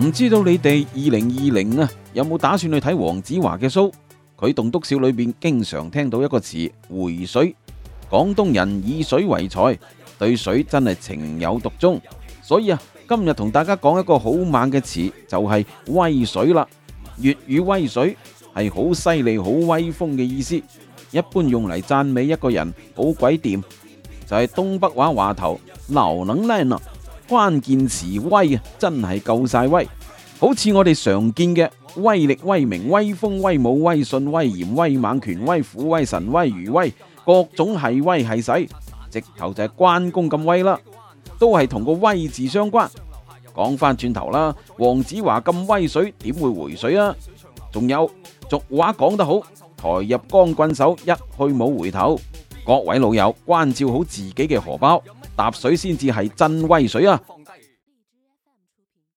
唔知道你哋二零二零啊，有冇打算去睇黃子華嘅 show？佢棟篤笑裏邊經常聽到一個詞回水，廣東人以水為財，對水真係情有獨鍾。所以啊，今日同大家講一個好猛嘅詞，就係、是、威水啦。粵語威水係好犀利、好威風嘅意思，一般用嚟讚美一個人好鬼掂。就係、是、東北話話頭，老能耐呢。關鍵詞威啊，真係夠晒威，好似我哋常見嘅威力、威名、威風、威武、威信、威嚴、威猛、權威、虎威、神威、餘威，各種係威係勢，直頭就係關公咁威啦，都係同個威字相關。講翻轉頭啦，黃子華咁威水，點會回水啊？仲有，俗話講得好，財入光棍手一去冇回頭。各位老友，關照好自己嘅荷包。沓水先至係真威水啊！